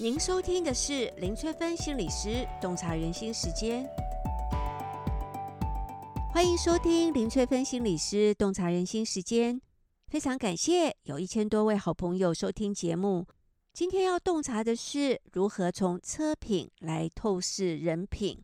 您收聽的是林翠芬心理師洞察人心時間。歡迎收聽林翠芬心理師洞察人心時間。非常感謝有一千多位好朋友收聽節目。今天要洞察的是如何從車品來透視人品。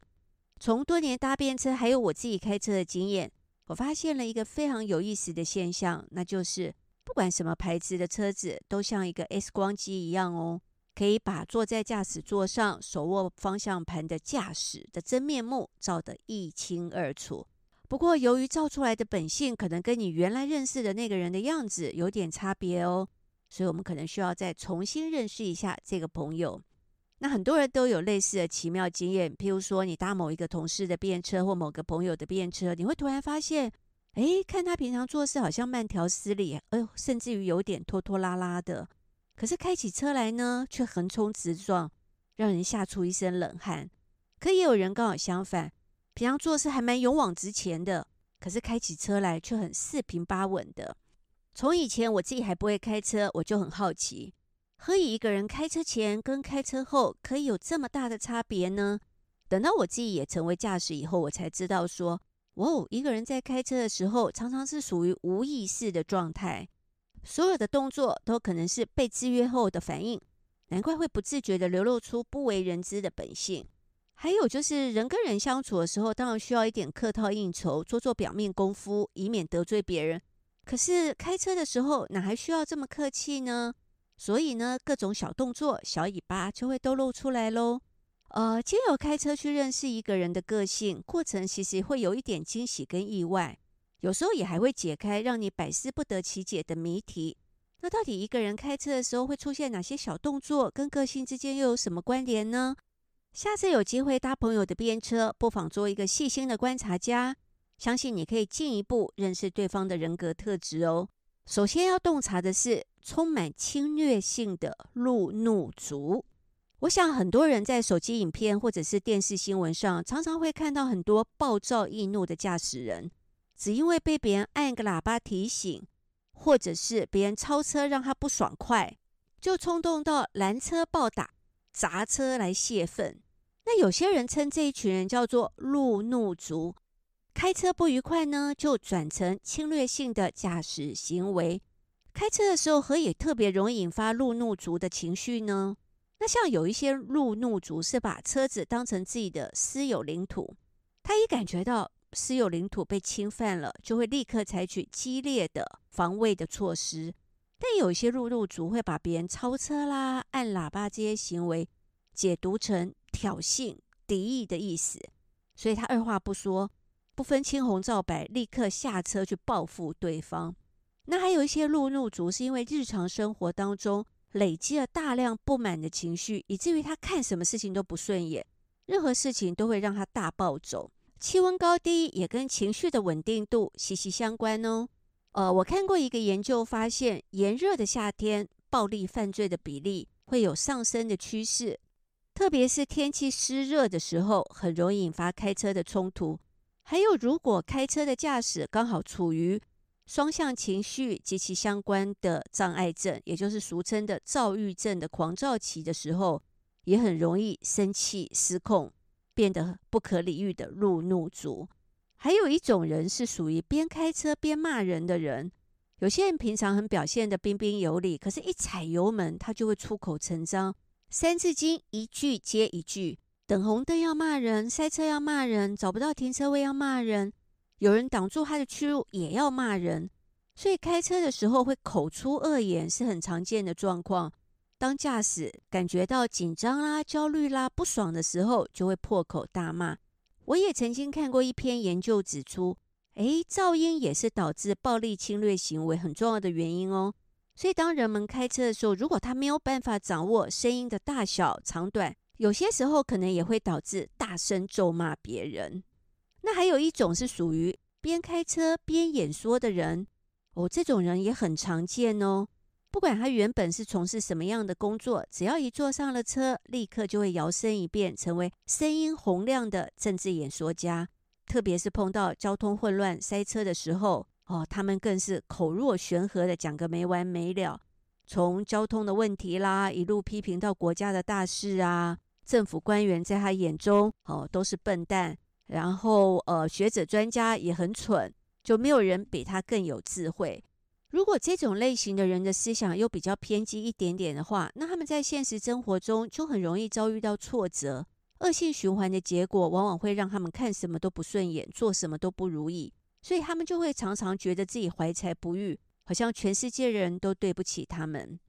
從多年搭便車還有我自己開車的經驗，我發現了一個非常有意思的現象，那就是不管什麼牌子的車子，都像一個 X 光機一樣哦。可以把坐在駕駛座上、手握方向盤的駕駛的真面目照得一清二楚。不過，由於照出來的本性可能跟你原來認識的那個人的樣子有點差別哦，所以我們可能需要再重新認識一下這個朋友。那很多人都有類似的奇妙經驗，譬如說，你搭某一個同事的便車或某個朋友的便車，你會突然發現，哎，看他平常做事好像慢條斯理，哎喲，甚至於有點拖拖拉拉的。可是開起車來呢，卻橫衝直撞，讓人嚇出一身冷汗。可也有人剛好相反，平常做事還蠻勇往直前的，可是開起車來卻很四平八穩的。從以前我自己還不會開車，我就很好奇，何以一個人開車前跟開車後可以有這麼大的差別呢？等到我自己也成為駕駛以後，我才知道說，哦，一個人在開車的時候，常常是屬於無意識的狀態。所有的動作都可能是被制約後的反應，難怪會不自覺的流露出不為人知的本性。還有就是人跟人相處的時候，當然需要一點客套應酬，做做表面功夫，以免得罪別人。可是開車的時候，哪還需要這麼客氣呢？所以呢，各種小動作、小尾巴就會都露出來嘍。呃，藉由開車去認識一個人的個性，過程其實會有一點驚喜跟意外。有時候也還會解開讓你百思不得其解的謎題。那到底一個人開車的時候會出現哪些小動作，跟個性之間又有什麼關聯呢？下次有機會搭朋友的便車，不妨做一個細心的觀察家，相信你可以進一步認識對方的人格特質哦。首先要洞察的是充滿侵略性的路怒族。我想很多人在手機影片或者是電視新聞上，常常會看到很多暴躁易怒的駕駛人。只因為被別人按個喇叭提醒，或者是別人超車讓他不爽快，就衝動到攔車暴打、砸車來洩憤。那有些人稱這一群人叫做“路怒族”。開車不愉快呢，就轉成侵略性的駕駛行為。開車的時候，何以特別容易引發路怒族的情緒呢？那像有一些路怒族是把車子當成自己的私有領土，他一感覺到。私有領土被侵犯了，就會立刻採取激烈的防衛的措施。但有一些路怒族會把別人超車啦、按喇叭這些行為解讀成挑釁、敵意的意思，所以他二話不說，不分青紅皂白，立刻下車去報復對方。那還有一些路怒族是因為日常生活當中累積了大量不滿的情緒，以至於他看什麼事情都不順眼，任何事情都會讓他大暴走。氣溫高低也跟情緒的穩定度息息相關哦。呃，我看過一個研究，發現炎熱的夏天，暴力犯罪的比例會有上升的趨勢。特別是天氣濕熱的時候，很容易引發開車的衝突。還有，如果開車的駕駛剛好處於雙相情緒及其相關的障礙症，也就是俗稱的躁鬱症的狂躁期的時候，也很容易生氣失控。變得不可理喻的路怒族，還有一種人是屬於邊開車邊罵人的人。有些人平常很表現得彬彬有禮，可是一踩油門，他就會出口成章，《三字經》一句接一句。等紅燈要罵人，塞車要罵人，找不到停車位要罵人，有人擋住他的去路也要罵人。所以開車的時候會口出惡言是很常見的狀況。當駕駛感覺到緊張啦、啊、焦慮啦、啊、不爽的時候，就會破口大罵。我也曾經看過一篇研究指出，誒，噪音也是導致暴力侵略行為很重要的原因哦。所以，當人們開車的時候，如果他沒有辦法掌握聲音的大小、長短，有些時候可能也會導致大聲咒罵別人。那還有一種是屬於邊開車邊演說的人哦，這種人也很常見哦。不管他原本是從事什麼樣的工作，只要一坐上了車，立刻就會搖身一變成為聲音洪亮的政治演說家。特別是碰到交通混亂、塞車的時候，哦，他們更是口若懸河地講個沒完沒了，從交通的問題啦，一路批評到國家的大事啊，政府官員在他眼中，哦，都是笨蛋。然後，呃，學者專家也很蠢，就沒有人比他更有智慧。如果這種類型的人的思想又比較偏激一點點的話，那他們在現實生活中就很容易遭遇到挫折，惡性循環的結果往往會讓他們看什麼都不順眼，做什麼都不如意，所以他們就會常常覺得自己懷才不遇，好像全世界人都對不起他們。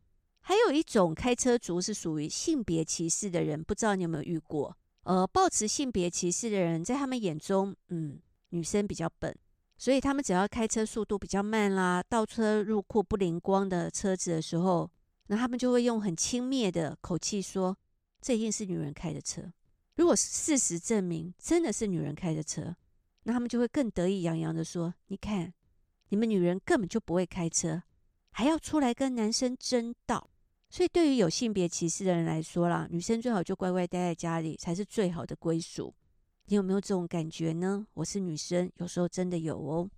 還有一種開車族是屬於性別歧視的人，不知道你有沒有遇過？呃，抱持性別歧視的人在他們眼中，嗯，女生比較笨。所以他們只要開車速度比較慢啦，倒車入庫不靈光的車子的時候，那他們就會用很輕蔑的口氣說：“這一定是女人開的車。”如果事實證明真的是女人開的車，那他們就會更得意洋洋的說：“你看，你們女人根本就不會開車，還要出來跟男生爭道。”所以對於有性別歧視的人來說啦，女生最好就乖乖待在家裡，才是最好的歸屬。你有沒有這種感覺呢？我是女生，有時候真的有哦。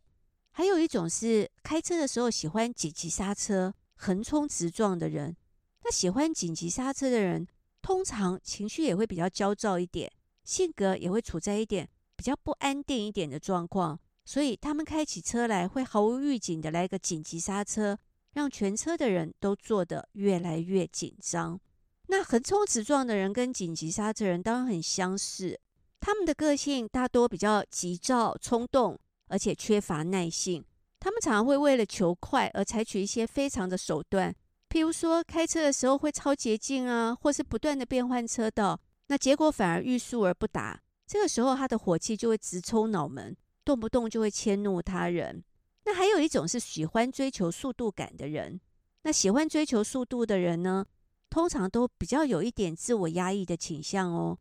還有一種是開車的時候喜歡緊急剎車、橫衝直撞的人。那喜歡緊急剎車的人，通常情緒也會比較焦躁一點，性格也會處在一點比較不安定一點的狀況。所以他們開起車來會毫無預警的來一個緊急剎車，讓全車的人都坐得越來越緊張。那橫衝直撞的人跟緊急剎車人當然很相似。他們的個性大多比較急躁、衝動，而且缺乏耐性。他們常常會為了求快而採取一些非常的手段，譬如說開車的時候會抄捷徑啊，或是不斷的變換車道。那結果反而欲速而不達，這個時候他的火氣就會直衝腦門，動不動就會遷怒他人。那還有一種是喜歡追求速度感的人，那喜歡追求速度的人呢，通常都比較有一點自我壓抑的傾向哦。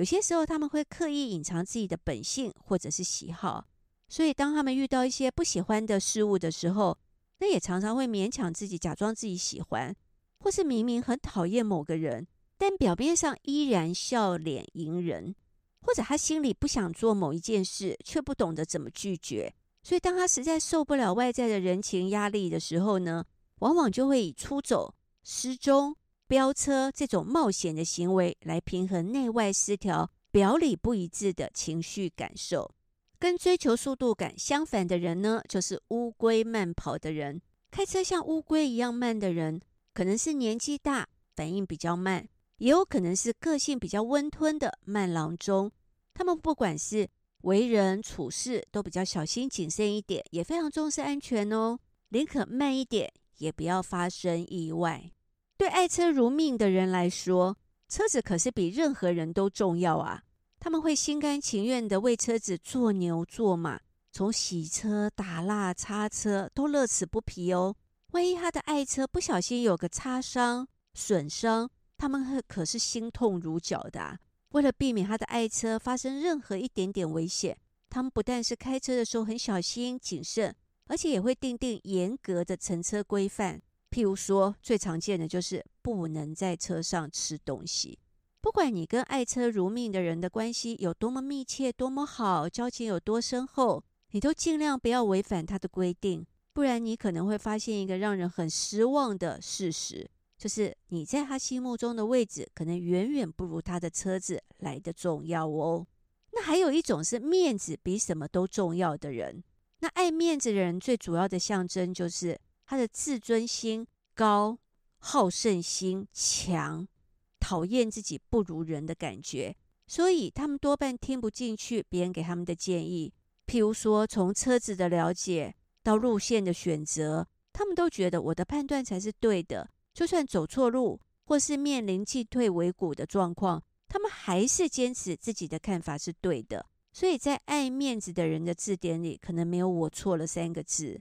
有些時候，他們會刻意隱藏自己的本性或者是喜好，所以當他們遇到一些不喜歡的事物的時候，那也常常會勉強自己，假裝自己喜歡，或是明明很討厭某個人，但表面上依然笑臉迎人，或者他心裡不想做某一件事，卻不懂得怎麼拒絕，所以當他實在受不了外在的人情壓力的時候呢，往往就會以出走、失蹤、飆車這種冒險的行為，來平衡內外失調、表裡不一致的情緒感受。跟追求速度感相反的人呢，就是烏龜慢跑的人。開車像烏龜一樣慢的人，可能是年紀大、反應比較慢，也有可能是個性比較溫吞的慢郎中。他們不管是為人處事，都比較小心謹慎一點，也非常重視安全哦。寧可慢一點，也不要發生意外。對愛車如命的人來說，車子可是比任何人都重要啊！他們會心甘情願地為車子做牛做馬，從洗車、打蠟、擦車都樂此不疲哦。萬一他的愛車不小心有個擦傷、損傷，他們可是心痛如絞的啊。為了避免他的愛車發生任何一點點危險，他們不但是開車的時候很小心謹慎，而且也會訂定嚴格的乘車規範。譬如說，最常見的就是不能在車上吃東西。不管你跟愛車如命的人的關係有多麼密切、多麼好，交情有多深厚，你都盡量不要違反他的規定。不然，你可能會發現一個讓人很失望的事實，就是你在他心目中的位置，可能遠遠不如他的車子來得重要哦。那還有一種是面子比什麼都重要的人。那愛面子的人最主要的象徵就是。他的自尊心高，好勝心強，討厭自己不如人的感覺，所以他們多半聽不進去別人給他們的建議。譬如說，從車子的了解到路線的選擇，他們都覺得我的判斷才是對的。就算走錯路，或是面臨進退維谷的狀況，他們還是堅持自己的看法是對的。所以在愛面子的人的字典裡，可能沒有“我錯了”三個字。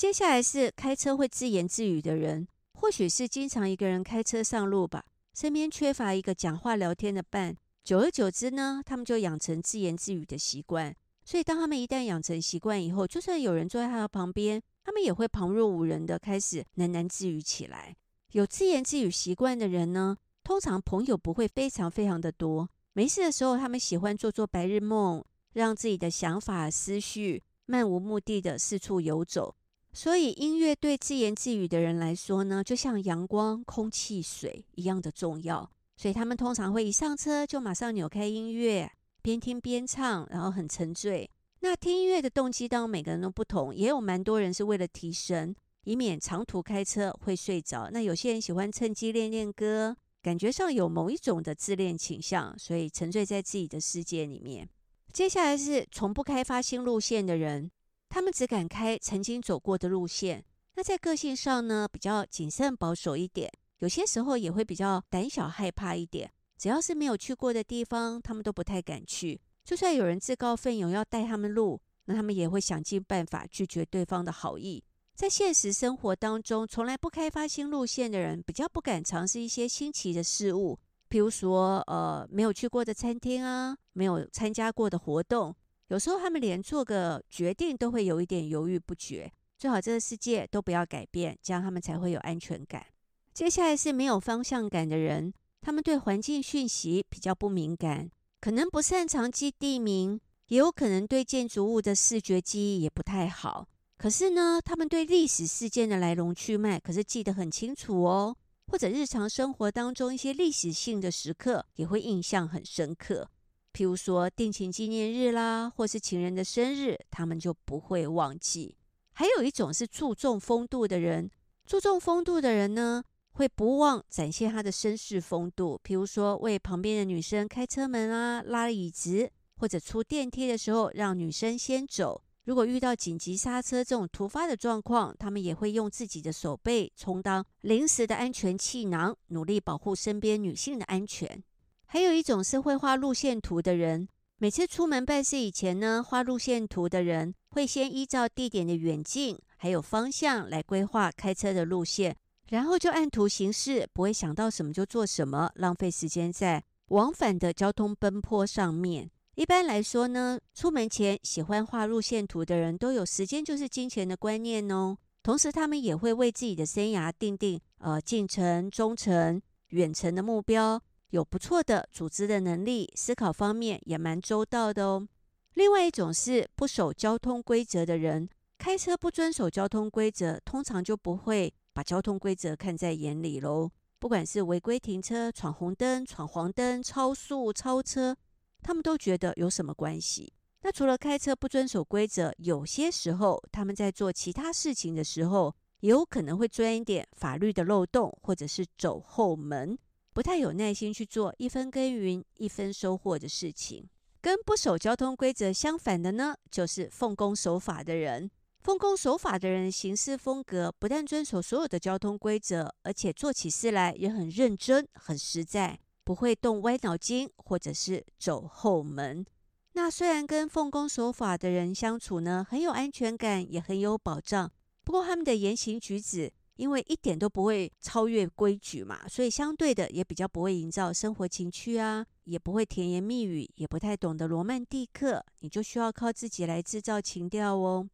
接下來是開車會自言自語的人，或許是經常一個人開車上路吧，身邊缺乏一個講話聊天的伴，久而久之呢，他們就養成自言自語的習慣。所以當他們一旦養成習慣以後，就算有人坐在他的旁邊，他們也會旁若無人的開始喃喃自語起來。有自言自語習慣的人呢，通常朋友不會非常非常的多，沒事的時候他們喜歡做做白日夢，讓自己的想法思緒漫無目的的四處遊走。所以音樂對自言自語的人來說呢，就像陽光、空氣、水一樣的重要。所以他們通常會一上車就馬上扭開音樂，邊聽邊唱，然後很沉醉。那聽音樂的動機當然每個人都不同，也有蠻多人是為了提神，以免長途開車會睡着。那有些人喜歡趁機練練歌，感覺上有某一種的自戀傾向，所以沉醉在自己的世界裡面。接下來是從不開發新路線的人。他們只敢開曾經走過的路線。那在個性上呢，比較謹慎保守一點，有些時候也會比較膽小害怕一點。只要是沒有去過的地方，他們都不太敢去。就算有人自告奮勇要帶他們路，那他們也會想盡辦法拒絕對方的好意。在現實生活當中，從來不開發新路線的人，比較不敢嘗試一些新奇的事物，比如說，呃，沒有去過的餐廳啊，沒有參加過的活動。有時候他們連做個決定都會有一點猶豫不決，最好這個世界都不要改變，這樣他們才會有安全感。接下來是沒有方向感的人，他們對環境訊息比較不敏感，可能不擅長記地名，也有可能對建築物的視覺記憶也不太好。可是呢，他們對歷史事件的來龍去脈可是記得很清楚哦，或者日常生活當中一些歷史性的時刻也會印象很深刻。譬如說，定情紀念日啦，或是情人的生日，他們就不會忘記。還有一種是注重風度的人，注重風度的人呢，會不忘展現他的紳士風度。譬如說，為旁邊的女生開車門啊，拉椅子，或者出電梯的時候讓女生先走。如果遇到緊急剎車這種突發的狀況，他們也會用自己的手背充當臨時的安全氣囊，努力保護身邊女性的安全。還有一種是會畫路線圖的人，每次出門辦事以前呢，畫路線圖的人會先依照地點的遠近，還有方向來規劃開車的路線，然後就按圖行事，不會想到什麼就做什麼，浪費時間在往返的交通奔波上面。一般來說呢，出門前喜歡畫路線圖的人都有時間就是金錢的觀念哦，同時他們也會為自己的生涯定定呃、近程、中程、遠程的目標，有不錯的組織的能力，思考方面也蠻周到的哦。另外一種是不守交通規則的人，開車不遵守交通規則，通常就不會把交通規則看在眼裡嘍。不管是違規停車、闖紅燈、闖黃燈、超速、超車，他們都覺得有什麼關係。那除了開車不遵守規則，有些時候他們在做其他事情的時候，也有可能會鑽一點法律的漏洞，或者是走後門。不太有耐心去做一分耕耘一分收穫的事情。跟不守交通規則相反的呢，就是奉公守法的人。奉公守法的人行事風格不但遵守所有的交通規則，而且做起事來也很認真、很實在，不會動歪腦筋或者是走後門。那雖然跟奉公守法的人相處呢，很有安全感，也很有保障，不過他們的言行舉止。因為一點都不會超越規矩嘛，所以相對的也比較不會營造生活情趣啊，也不會甜言蜜語，也不太懂得羅曼蒂克，你就需要靠自己來製造情調哦。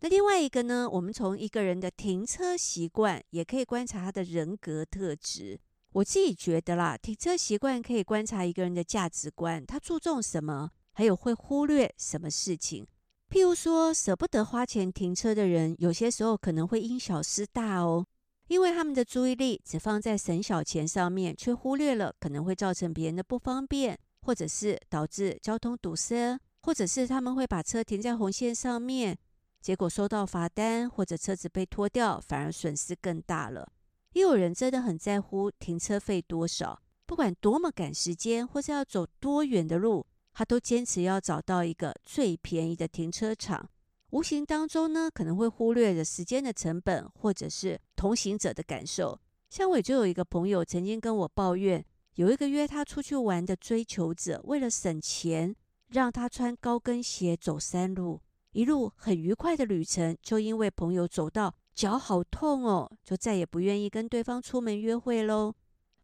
那另外一個呢，我們從一個人的停車習慣也可以觀察他的人格特質。我自己覺得啦，停車習慣可以觀察一個人的價值觀，他注重什麼，還有會忽略什麼事情。譬如說，捨不得花錢停車的人，有些時候可能會因小失大哦，因為他們的注意力只放在省小錢上面，卻忽略了可能會造成別人的不方便，或者是導致交通堵塞，或者是他們會把車停在紅線上面，結果收到罰單，或者車子被拖掉，反而損失更大了。也有人真的很在乎停車費多少，不管多麼趕時間，或是要走多遠的路。他都堅持要找到一個最便宜的停車場，無形當中呢，可能會忽略了時間的成本，或者是同行者的感受。像我就有一個朋友曾經跟我抱怨，有一個約他出去玩的追求者，為了省錢，讓他穿高跟鞋走山路，一路很愉快的旅程，就因為朋友走到腳好痛哦，就再也不願意跟對方出門約會嘍。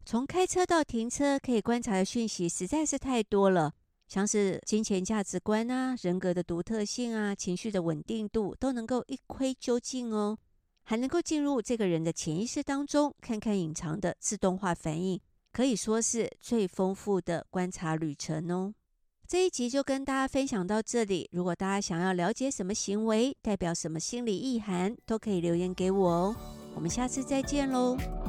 從開車到停車，可以觀察的訊息實在是太多了。像是金錢價值觀啊、人格的獨特性啊、情緒的穩定度，都能夠一窺究竟哦，還能夠進入這個人的潛意識當中，看看隱藏的自動化反應，可以說是最豐富的觀察旅程哦。這一集就跟大家分享到這裡，如果大家想要了解什麼行為代表什麼心理意涵，都可以留言給我哦。我們下次再見嘍。